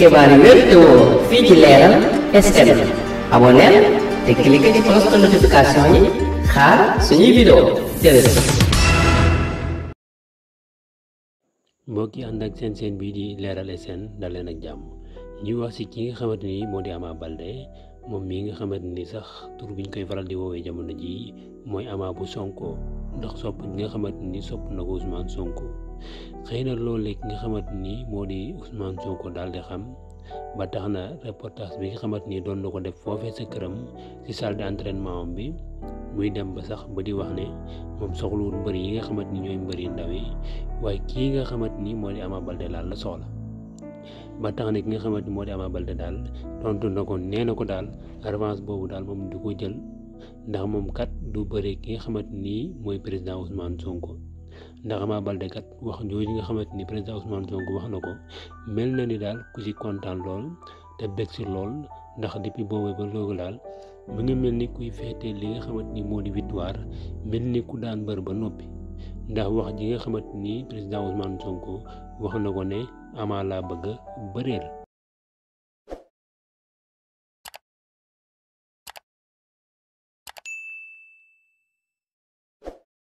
xibaar yi wér fii ci leeral SN aboneel te cliquer ci cloche yi xaar suñuy vidéo jërëjëf mbokk yi ànd ak seen seen bii di leeral SN dal leen ak jàmm ñuy wax si ki nga moo di Ama balde moom mii nga xamante ni sax tur bi ñu koy faral di woowee jamono jii mooy Ama bu Sonko ndox sopp gi nga xamante ni sopp na ko Ousmane Sonko xëy na loolee ki nga xamat ni moo di Ousmane Sonko daal di xam ba tax na reportage bi nga xamante ni doon na ko def foofee sa këram ci salle d'entraînement am bi muy dem ba sax ba di wax ne moom soxluwul mbër yi nga xamante ni ñooy mbër yu ndaw yi waaye kii nga xamante ni moo di Ama Baldé laal la soxla. ba tax na ki nga xamante ni moo di Ama Baldé daal tontu na ko nee na ko daal revanche boobu daal moom du ko jël ndax moom kat du bëre ki nga xamante ni mooy président Ousmane Sonko ndax Ama kat wax jooju nga xamante ni président Ousmane Sonko wax na ko mel na ni daal ku ci kontaan lool te bég si lool ndax depuis boobu ba loolu daal mu ngi mel ni kuy feete li nga xamante ni moo di victoire mel ni ku daan bër ba noppi. ndax wax ji nga xamat ni président Ousmane Sonko wax na ko ne Ama laa bëgg a bëreel